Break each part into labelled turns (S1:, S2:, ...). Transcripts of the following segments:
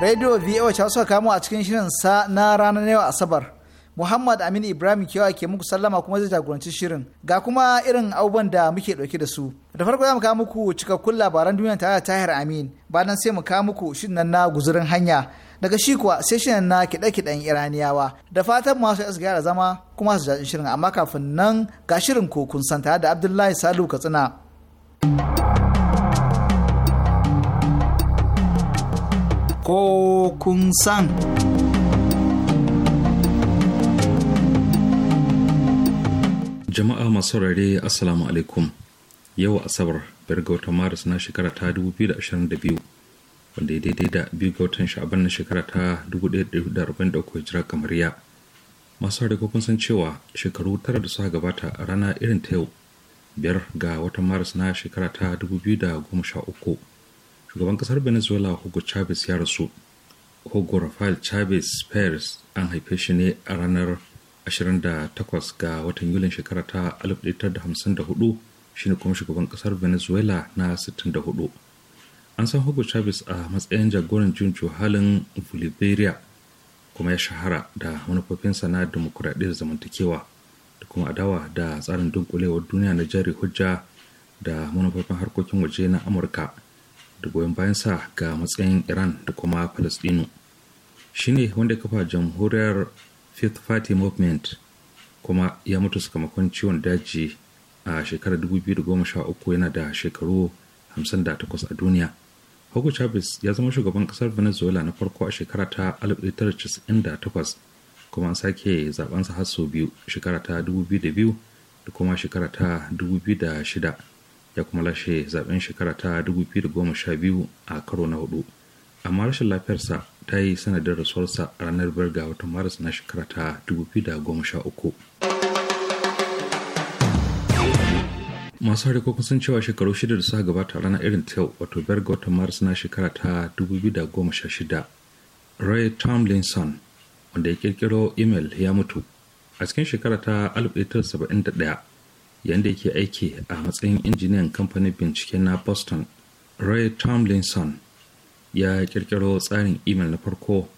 S1: Radio VOH ta suka kamo a cikin shirin sa na ranar yau Asabar. Muhammad Aminu Ibrahim Kiyawa ke muku sallama kuma zai jagoranci shirin. Ga kuma irin abubuwan da muke ɗauke da su. Da farko za mu kawo muku cikakkun labaran duniya tare da Tahir Amin. Bayan sai mu kawo muku shirin nan na guzurin hanya. Daga shi kuwa sai shirin na kiɗe-kiɗen Iraniyawa. Da fatan masu yasu gyara zama kuma su jajin shirin amma kafin nan ga shirin ko kun santa da Abdullahi Salu Katsina. ko kun san. Jama'a
S2: masu rare Assalamu alaikum yau Asabar biyar ga watan Maris na shekara ta 2022 wanda ya daidai da biyu ga watan sha'aban na shekara ta 1443 hijira kamariya. Masu rare kun san cewa shekaru tara da suka gabata a rana irin ta yau biyar ga watan Maris na shekara ta 2013 shugaban kasar venezuela hugo chavez ya rasu hugo rafael chavez perez an haife shi ne a ranar 28 ga watan yulin shekara ta 1954 shine kuma shugaban kasar venezuela na 64 an san hugo chavez a matsayin jagoran jin halin bolivaria kuma ya shahara da manufofinsa na demokuraɗiyyar zamantakewa da kuma adawa da tsarin dunkulewar duniya na jari hujja da manufofin harkokin waje na amurka da goyon bayansa ga matsayin iran da kuma palestino shine wanda ya kafa jamhuriyar fifth party movement kuma ya mutu sakamakon ciwon daji a shekarar 2013 yana da shekaru 58 a duniya Hugo Chavez ya zama shugaban kasar Venezuela na farko a shekara ta 1998 kuma an sake zaben sa har sau biyu shekara ta 2002 da kuma shekara ta 2006 ya kuma lashe zaben shekara ta 2012 a karo na hudu amma rashin lafiyarsa ta yi sanadin rasuwarsa a ranar biyar ga watan maris na shekara ta 2013 masu harkokin sun cewa shekaru shida da suka gabata a ranar irin ta wato biyar ga watan maris na shekara ta 2016 ray tomlinson wanda ya kirkiro imel ya mutu a cikin shekara ta 1971 yadda yake aiki a matsayin injiniyan kamfanin bincike na boston ray tomlinson ya kirkiro tsarin imel na farko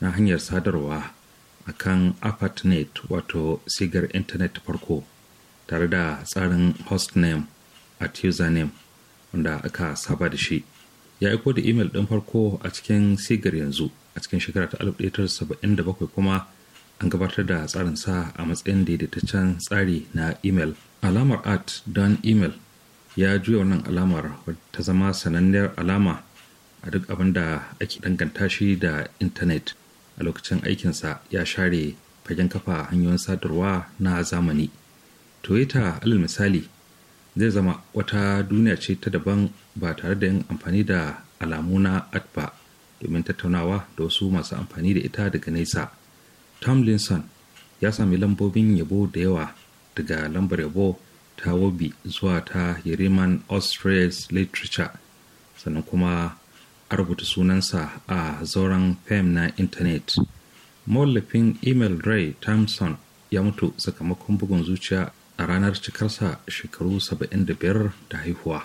S2: na hanyar sadarwa a kan apartnet wato sigar intanet farko tare da tsarin hostname at username wanda aka saba da shi ya aiko da imel ɗin farko a cikin sigar yanzu a cikin shekara ta 1977 kuma an gabatar da tsarin sa a matsayin daidaitaccen tsari na imel alamar at don imel ya juya wannan alamar ta zama sananniyar alama a duk abin da ake danganta shi da intanet a lokacin aikinsa ya share fagen kafa hanyoyin sadarwa na zamani toyota alal misali zai zama wata duniya ce ta daban ba tare da yin amfani da alamu na at ba domin tattaunawa da wasu masu amfani da ita daga nesa tomlinson ya sami lambobin yabo da yawa daga lambar yabo ta wobi zuwa ta yeriman austria's literature sannan kuma a rubuta sunansa a zauren fem na intanet mallafin email ray thompson ya mutu sakamakon bugun zuciya a ranar cikarsa shekaru 75 da haihuwa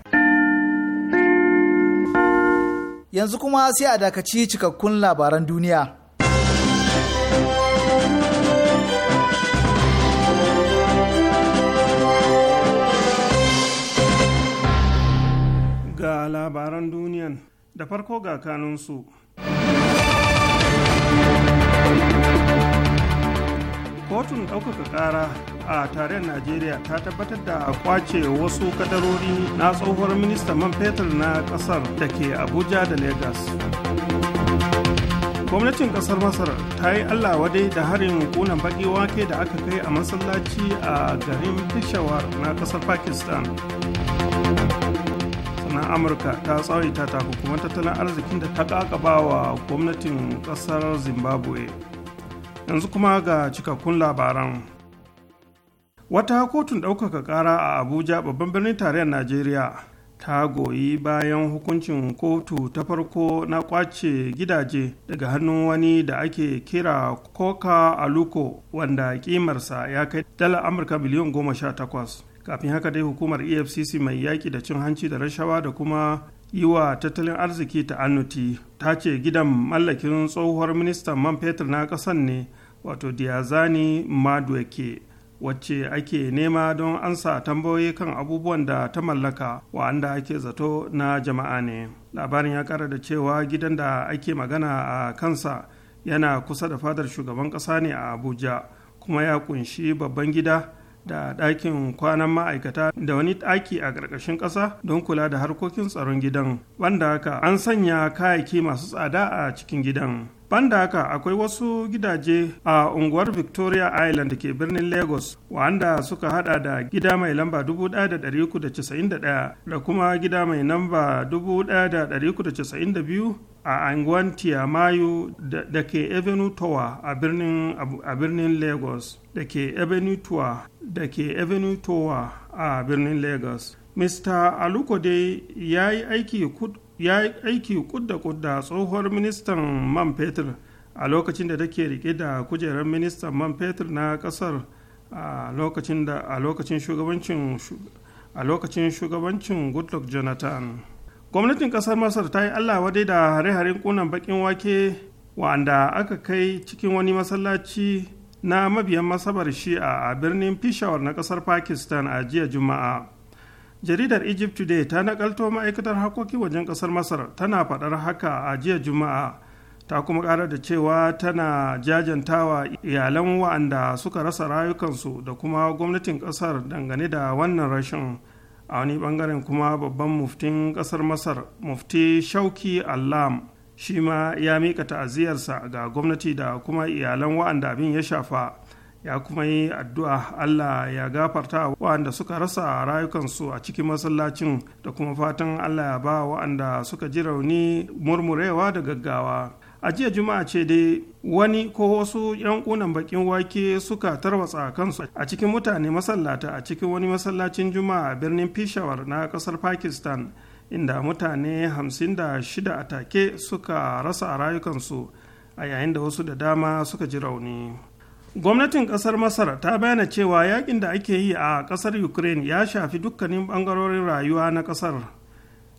S1: yanzu kuma sai a dakaci cikakkun labaran duniya.
S3: Ga labaran duniyan da farko ga kanunsu. Kotun ɗaukaka ƙara a tarayyar najeriya ta tabbatar da kwace wasu kadarori na tsohuwar Minista man fetur na kasar da ke abuja da Legas. gwamnatin kasar masar ta yi allah wadai da harin kunan baki wake da aka kai a masallaci a garin peshawar na kasar pakistan na amurka ta tsawaita kuma tattalin arzikin da ta kakaba wa gwamnatin kasar zimbabwe yanzu kuma ga cikakkun labaran wata kotun ɗaukaka ƙara a abuja babban birnin tarayyar najeriya ta goyi bayan hukuncin kotu ta farko na kwace gidaje daga hannun wani da ake kira koka aluko wanda kimarsa ya kai dala amurka biliyan goma sha takwas kafin haka dai hukumar efcc mai yaƙi da cin hanci da rashawa da kuma yi wa tattalin arziki ta annuti ta ce gidan mallakin tsohuwar ministan man fetur na ƙasan ne wato diazani madueke wacce ake nema don ansa tambayoyi kan abubuwan da ta mallaka wa'anda ake zato na jama'a ne labarin ya kara da cewa gidan da ake magana a kansa yana kusa da fadar shugaban ƙasa ne a abuja kuma ya kunshi babban gida da ɗakin kwanan ma'aikata da wani ɗaki a ƙarƙashin ƙasa don kula da harkokin tsaron gidan wanda haka an sanya kayayyaki masu tsada a cikin gidan banda haka akwai wasu gidaje a unguwar victoria island da ke birnin lagos wanda suka hada da gida mai lamba 1391 da kuma gida mai lamba 1392 a anguwan tiamayu da ke avenue tower a birnin lagos da ke avenue tower da ke avenue tower a birnin lagos mr alukode ya yi aiki ya yi aiki kudda kudda tsohuwar ministan man fetur a lokacin da take rike da kujerar ministan man fetur na kasar a lokacin shugabancin goodluck jonathan gwamnatin kasar masar ta yi allah wadai da hare-haren kunan bakin wake wa'anda aka kai cikin wani masallaci na mabiyan masabar shi'a a birnin peshawar na kasar pakistan a jiya juma'a jaridar egypt today ta nakalto ma'aikatar hakoki wajen kasar masar tana faɗar haka a jiya juma'a ta kuma kara da cewa tana jajantawa iyalan wa'anda suka rasa rayukansu da kuma gwamnatin ƙasar dangane da wannan rashin a wani bangaren kuma babban muftin ƙasar masar mufti shauki allam shi ma ya mika ta'aziyarsa ga gwamnati da kuma iyalan wa'anda abin ya shafa ya kuma yi addu'a Allah ya gafarta waɗanda suka rasa rayukansu a cikin masallacin da kuma fatan Allah ya ba waɗanda suka ji rauni murmurewa da gaggawa. A jiya Juma'a ce dai wani ko wasu 'yan ƙunan bakin wake suka tarwatsa kansu a cikin mutane masallata a cikin wani masallacin Juma'a a birnin Peshawar na ƙasar Pakistan inda mutane hamsin da shida a take suka rasa rayukansu a yayin da wasu da dama suka ji rauni. gwamnatin kasar masar ta bayyana cewa yakin da ake yi a kasar ukraine ya shafi dukkanin bangarorin rayuwa na kasar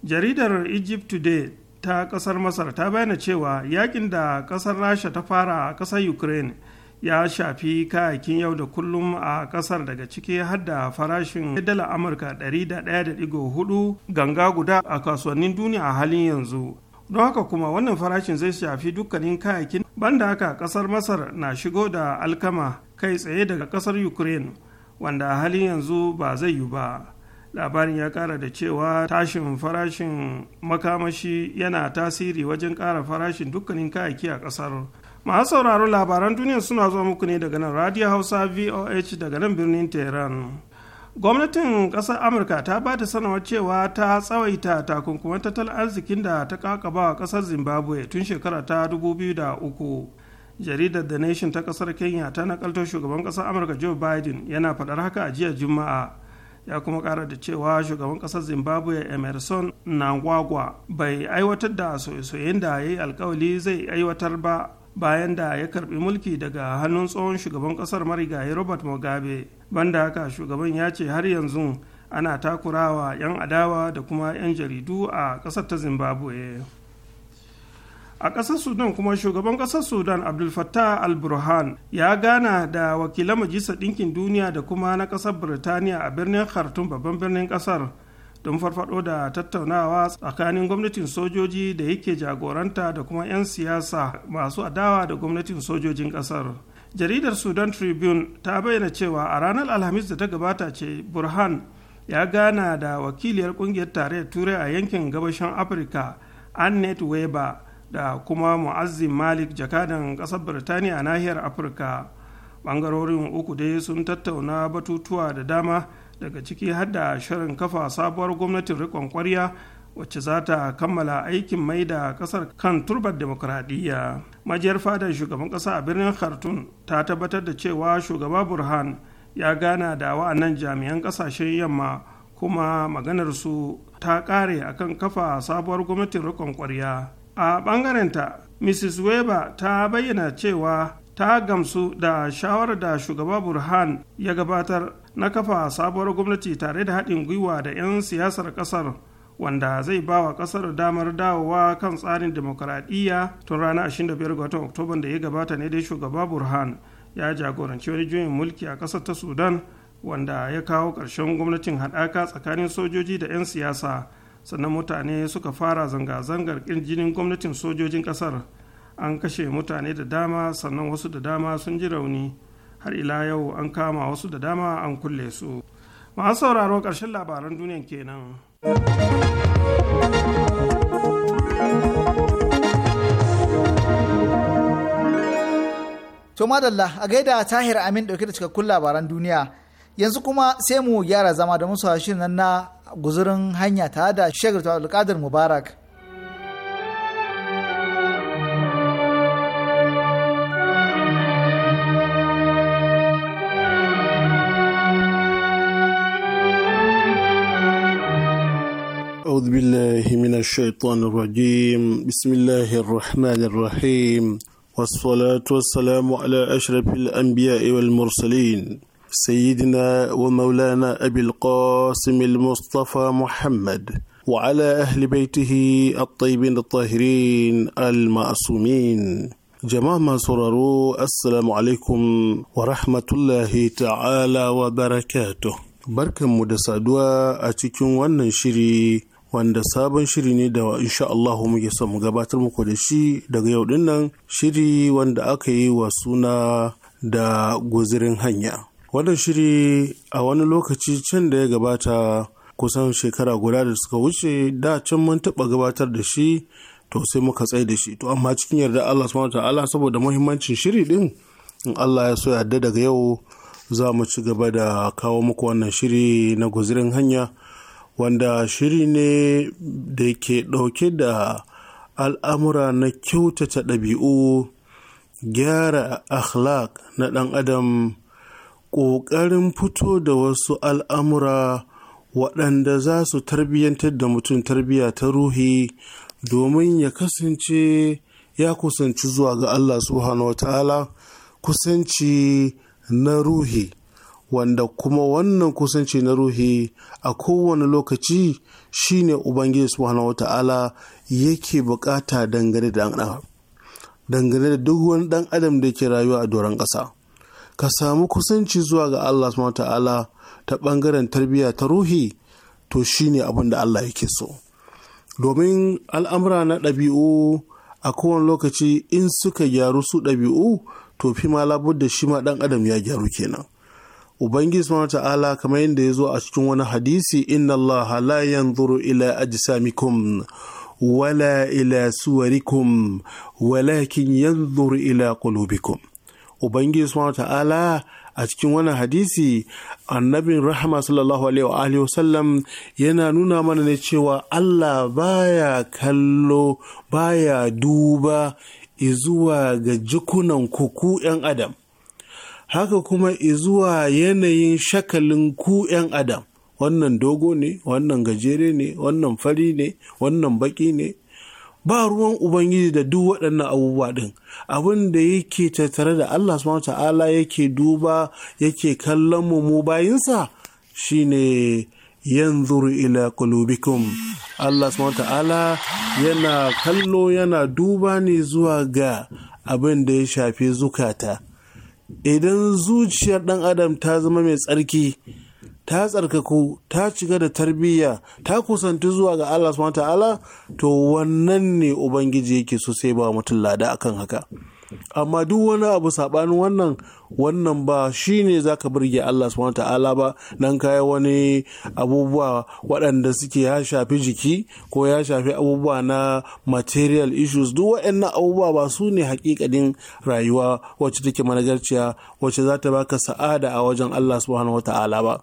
S3: jaridar egypt today ta kasar masar ta bayyana cewa yakin da kasar rasha ta fara a kasar ukraine ya shafi kayakin yau da kullum a kasar daga ciki har da farashin dala amurka 101.4 ganga guda a kasuwannin duniya a halin yanzu don haka kuma wannan farashin zai shafi dukkanin kayakin banda haka kasar masar na shigo da alkama kai tsaye daga kasar ukraine wanda halin yanzu ba zai yi ba labarin ya kara da cewa tashin farashin makamashi yana tasiri wajen kara farashin dukkanin kayayyaki a kasar masu sauraro labaran duniya suna zuwa muku ne daga nan radio hausa voh daga nan birnin tehran gwamnatin ƙasar amurka ta ba da sanarwar cewa ta tsawaita takunkuman tattalin arzikin da ta kakaba ƙasar zimbabwe tun shekara ta 2003 jaridar the nation ta ƙasar kenya ta nakaltar shugaban ƙasar amurka joe biden yana faɗar haka a jiya juma'a ya kuma ƙara da cewa shugaban ƙasar zimbabwe emerson nangwagwa bai aiwatar da soye da ya yi alkawali zai aiwatar ba bayan da ya karbi mulki daga hannun tsohon shugaban kasar marigayi robert mugabe banda haka shugaban ya ce har yanzu ana takurawa 'yan adawa da kuma 'yan jaridu a kasar ta zimbabwe a ƙasar sudan kuma shugaban ƙasar sudan abdul fattah al-burhan ya gana da wakilan majalisar ɗinkin duniya da kuma na ƙasar birtaniya a birnin khartoum babban birnin ƙasar don farfado da tattaunawa tsakanin gwamnatin sojoji da yake jagoranta da kuma 'yan siyasa masu adawa da gwamnatin sojojin kasar jaridar sudan tribune ta bayyana cewa a ranar alhamis da ta gabata ce burhan ya gana da wakiliyar kungiyar tarayyar turai a yankin gabashin afirka annette weber da kuma mu'azzin malik jakadan kasar birtaniya nahiyar afirka bangarorin uku dai sun tattauna batutuwa da dama daga ciki har da shirin kafa sabuwar gwamnatin rikon kwarya wacce za ta kammala aikin mai da kasar kan turbar demokuraɗiyya majiyar fadar shugaban ƙasa a birnin khartoum ta tabbatar da cewa shugaba burhan ya gana da wa'annan jami'an ƙasashen yamma kuma maganarsu ta ƙare akan kafa sabuwar gwamnatin rikon ƙwarya a ɓangarenta mrs weber ta bayyana cewa ta gamsu da shawarar da shugaba burhan ya gabatar na kafa sabuwar gwamnati tare da haɗin gwiwa da 'yan siyasar ƙasar wanda zai ba wa ƙasar damar dawowa kan tsarin demokuraɗiyya tun ranar 25 ga watan oktoban da ya gabata ne dai shugaba burhan ya jagoranci wani juyin mulki a ƙasar ta sudan wanda ya kawo ƙarshen gwamnatin haɗaka tsakanin sojoji da 'yan siyasa sannan mutane suka fara zanga-zangar jinin gwamnatin sojojin ƙasar an kashe mutane da dama sannan wasu da dama sun ji rauni har ila yau an kama wasu da dama an kulle su masu sauraro ƙarshen labaran duniyan kenan
S1: to madalla a gaida tahir amin dauke da cikakkun labaran duniya yanzu kuma sai mu gyara zama da musu shirin na guzurin hanya tare da shagar alƙadar mubarak
S4: بالله من الشيطان الرجيم بسم الله الرحمن الرحيم والصلاة والسلام على أشرف الأنبياء والمرسلين سيدنا ومولانا أبي القاسم المصطفى محمد وعلى أهل بيته الطيبين الطاهرين المعصومين جماعة سرروا السلام عليكم ورحمة الله تعالى وبركاته barkanmu da saduwa a cikin wannan shiri wanda sabon shiri ne da insha Allah muke son mu gabatar muku da shi daga yau din nan shiri wanda aka yi wa suna da guzirin hanya. Wannan shiri a wani lokaci can da ya gabata kusan shekara guda da suka wuce da can mun taɓa gabatar da shi to sai muka tsaye da shi to amma cikin yarda Allah subhanahu ta'ala saboda muhimmancin shiri din in Allah ya so yarda daga yau za mu ci gaba da kawo muku wannan shiri na guzirin hanya wanda shiri ne da ke ɗauke da al'amura na kyautata ɗabi'u gyara akhlaq na ɗan adam ƙoƙarin fito da wasu al'amura waɗanda za su tarbiyyantar da mutum tarbiyya ta ruhi domin ya kasance ya kusanci zuwa ga Allah subhanahu wa ta'ala kusanci na ruhi wanda kuma wannan kusanci na ruhi a kowane lokaci shine ubangiji subhanahu wata'ala yake bukata dangane da dan dangane da duk wani dan adam da ke rayuwa a doron ƙasa ka samu kusanci zuwa ga Allah subhanahu wata'ala ta bangaren tarbiyya ta ruhi to shine abin da Allah yake so domin al'amura na ɗabi'u a kowane lokaci in suka gyaru su ɗabi'u to fi ma labar da shi ma ɗan adam ya gyaru kenan ubangiji subhanahu ta'ala kamar yadda ya zo a cikin wani hadisi inna Allah la yanzuru ila ajsamikum wala ila suwarikum walakin yanzuru ila qulubikum ubangiji subhanahu ta'ala a cikin wani hadisi annabin rahama sallallahu alaihi wa sallam yana nuna mana ne cewa Allah baya kallo baya duba izuwa ga jikunan kuku 'yan adam haka kuma zuwa yanayin shakalin ku 'yan adam wannan dogo ne wannan gajere ne wannan fari ne wannan baki ne ba ruwan ubangiji da duk waɗannan abubuwa ɗin abin da yake tattare da allah subhanahu ta'ala yake duba yake kallon mu mu bayinsa shine yanzu ila qulubikum allah subhanahu ta'ala yana kallo yana duba ne zuwa ga abin da ya shafi zukata idan zuciyar ɗan adam ta zama mai tsarki ta tsarkaku ta shiga da tarbiyya ta kusanci zuwa ga Allah subhanahu ta'ala to wannan ne ubangiji yake so sai ba mutum lada akan haka amma duk wani abu saɓanin wannan wannan ba shi ne za ka birge Allah subhanahu ta'ala ba dan kaya wani abubuwa waɗanda suke ya shafi jiki ko ya shafi abubuwa na material issues duk waɗannan abubuwa ba su ne hakikadin rayuwa wacce take managarciya wacce za ta baka sa'ada a wajen Allah subhanahu ta'ala ba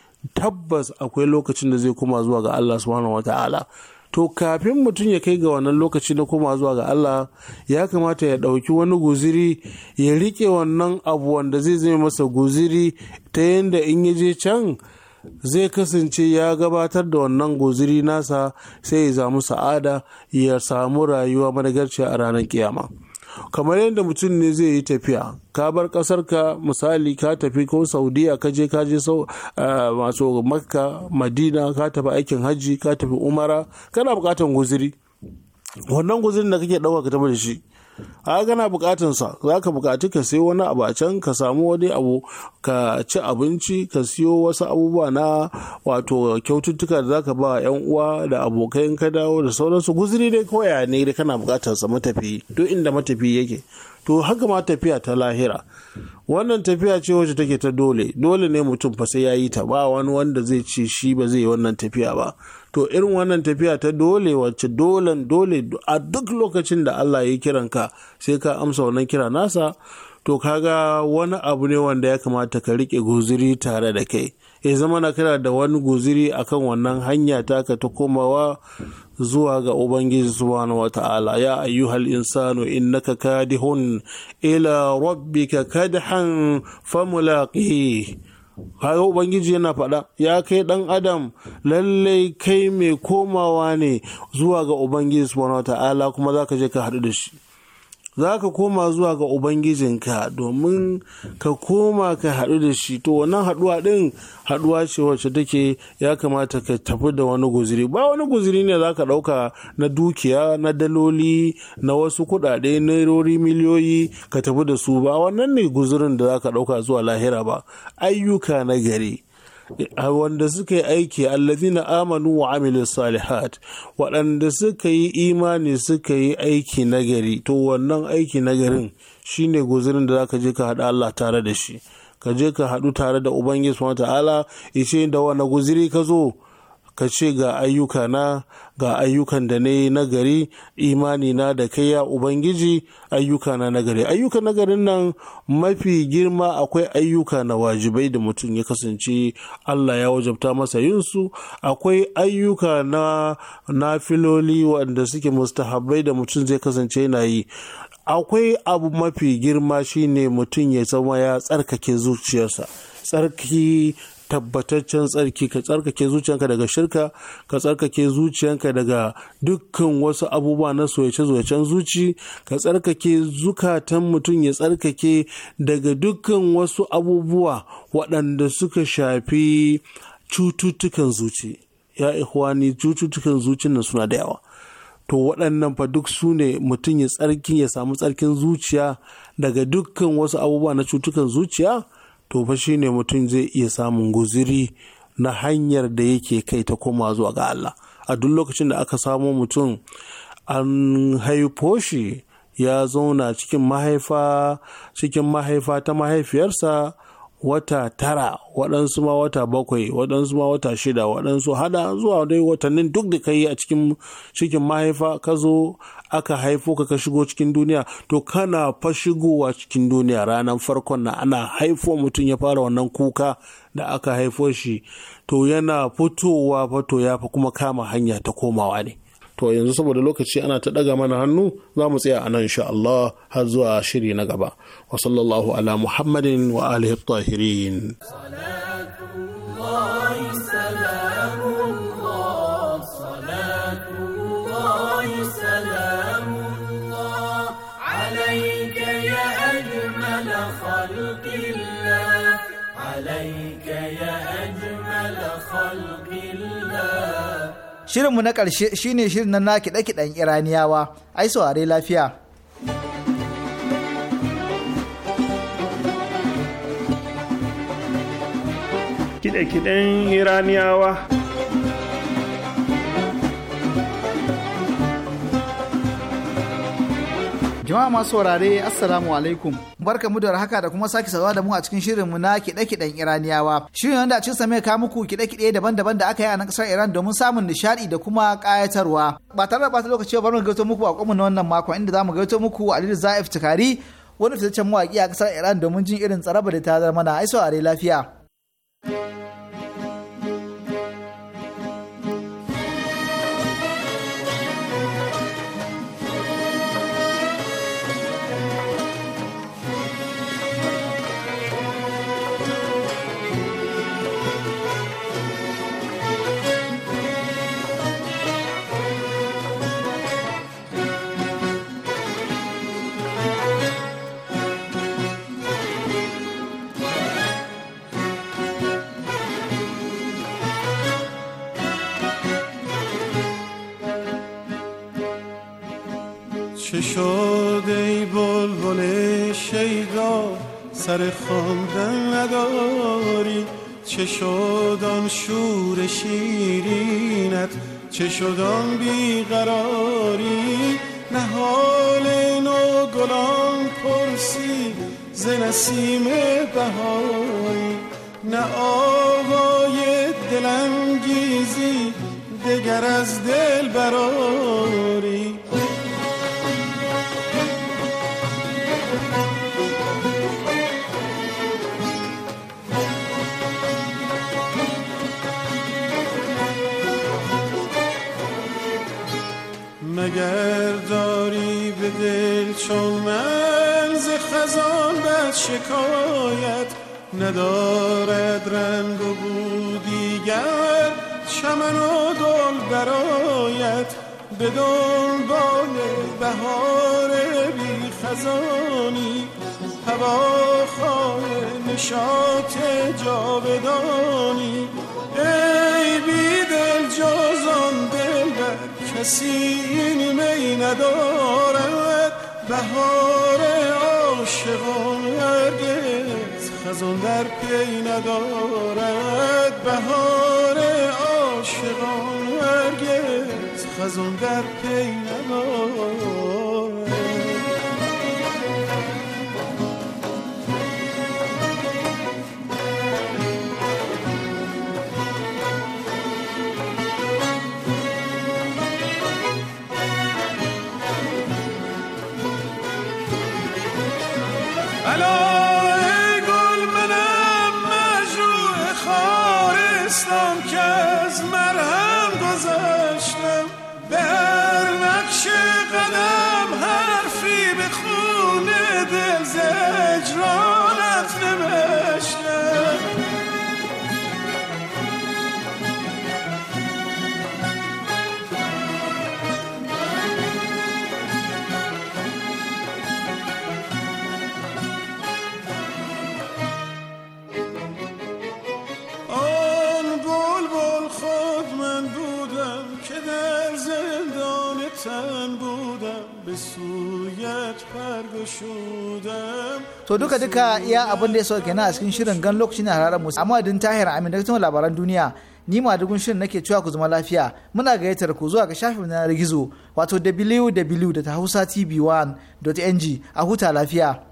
S4: tabbas akwai lokacin da zai koma zuwa ga Allah subhanahu wata'ala to kafin mutum ya kai ga wannan lokaci na koma zuwa ga Allah ya kamata ya ɗauki wani guziri ya riƙe wannan abu wanda zai zai masa guziri ta yadda in ya je can zai kasance ya gabatar da wannan guziri nasa sai ya samu sa'ada ya samu rayuwa madagarci a ranar kiyama. kamar yadda mutum ne zai yi tafiya ka bar kasar ka misali ka tafi ko saudiya ka je ka je sau masu eh, makka madina ka tafi aikin hajji ka tafi umara kana bukatan guziri wannan guzurin da kake ɗauka ka da shi a kana bukatun sa za ka bukaci ka sayo wani abu a can ka samu wani abu ka ci abinci ka siyo wasu abubuwa na wato kyaututtuka da za ka ba yan uwa da abokan ka dawo da sauransu guzuri dai koya ne da kana bukatar sa matafi duk inda matafi yake to haka ma tafiya ta lahira wannan tafiya ce wacce take ta dole dole ne mutum fa sai ya yi ta ba wani wanda zai ce shi ba zai yi wannan tafiya ba to irin wannan tafiya ta dole wacce dolen dole a duk lokacin da Allah ya kiran ka sai ka amsa wannan kira nasa to kaga wani abu ne wanda ya kamata ka rike guziri tare da kai ya zama na kana da wani guziri akan wannan hanya taka ta komawa zuwa ga ubangiji subhanahu wata'ala ya ayyuhal insanu innaka kadihun ila rabbika kadhan famulaqi kaga ubangiji yana faɗa ya kai dan adam lallai kai mai komawa ne zuwa ga ubangiji subhanahu wata'ala kuma zaka je ka haɗu da shi za ka koma zuwa ga ubangijinka domin ka koma ka haɗu da shi to wannan haɗuwa ɗin haɗuwa ce wacce take ya kamata ka tafi da wani guziri ba wani guziri ne za ka ɗauka na dukiya na daloli na wasu kuɗaɗe rori miliyoyi ka tafi da su ba wannan ne guzirin da za ka ɗauka zuwa lahira ba ayyuka na gari Eh, wanda suka yi aiki allazina amanu wa amilin salihat waɗanda suka yi imani suka yi aiki nagari to wannan aiki nagarin shine guzirin da zaka je ka haɗa Allah tare da shi ka je ka haɗu tare da ubangiji subhanahu ta'ala ishe da wani guziri ka zo ka ce ga na ga ayyukan da na nagari imani na da kai ya ubangiji ayyuka na nagari ayyukan nagarin nan mafi girma akwai ayyuka na wajibai da mutum ya kasance allah ya wajabta masa yinsu akwai ayyuka na nafiloli wanda suke mustahabbai da mutum zai kasance yana yi akwai abu mafi girma shine mutum ya zama ya tsarkake zuciyarsa tsarki tabbataccen tsarki ka tsarkake zuciyanka daga shirka ka tsarkake zuciyanka daga dukkan wasu abubuwa na soyace zuwacen zuci ka tsarkake zukatan mutum ya tsarkake daga dukkan wasu abubuwa waɗanda suka shafi cututtukan zuci ya ihwani cututtukan zucin nan suna da yawa to waɗannan fa duk su ne mutum ya tsarkin ya samu tsarkin zuciya daga dukkan wasu abubuwa na cutukan zuciya to fa shine mutum zai iya samun guziri na hanyar da yake kai ta koma zuwa ga Allah a duk lokacin da aka samo mutum an haifo shi ya zauna cikin mahaifa cikin mahaifa ta mahaifiyarsa wata tara waɗansu ma wata bakwai waɗansu ma wata shida waɗansu hada zuwa dai watannin duk da ka yi a cikin cikin mahaifa ka zo aka haifo ka shigo cikin duniya to kana fa shigowa cikin duniya ranar farkon na ana haifo mutum ya fara wannan kuka da aka haifo shi to yana fitowa fa to ya fa kuma kama hanya ta komawa ne to yanzu saboda lokaci ana ta daga mana hannu za mu tsaya a nan insha Allah har zuwa shiri na gaba wa sallallahu ala muhammadin wa alihi tahirin
S1: shirinmu na ƙarshe shine shirin na kiɗe-kiɗen iraniyawa ai saurare lafiya
S3: kiɗe-kiɗen iraniyawa
S1: jama'a masu saurare assalamu alaikum barka mu da haka da kuma sake sauwa da mu a cikin shirinmu na kiɗe-kiɗen Iraniyawa. Shirin wanda a cikin ka muku kiɗe-kiɗe daban-daban da aka yi a nan ƙasar Iran domin samun nishaɗi da kuma ƙayatarwa. Ba tare da ɓata lokaci ba mu gaito muku a na wannan makon inda zamu mu gaito muku Aliyu Za'if Tukari wani fitaccen mawaƙi a kasar Iran domin jin irin tsaraba da ta zama na aiso a lafiya.
S5: چه شد ای بلبل شیدا سر خواندن نداری چه شد آن شور شیرینت چه شد آن بیقراری حال نو گلان پرسی ز نسیم بهاری نه آوای دلانگیزی دگر از دل برای اگر داری به دل چون من ز خزان بد شکایت ندارد رنگ و بو چمن و دل برایت به دنبال بهار بی خزانی هوا خواه نشاط جاودانی کسی این می ندارد بهار عاشقان هرگز خزان در پی ندارد بهار عاشقان هرگز خزان در پی ندارد to duka duka iya
S1: abin ya sauke na a cikin shirin gan lokacin na hararar musu amma din tahir amin da labaran duniya ni ma dugun shirin nake cewa ku zama lafiya muna gayyatar ku zuwa ga shafin na gizo wato tv 1ng a huta lafiya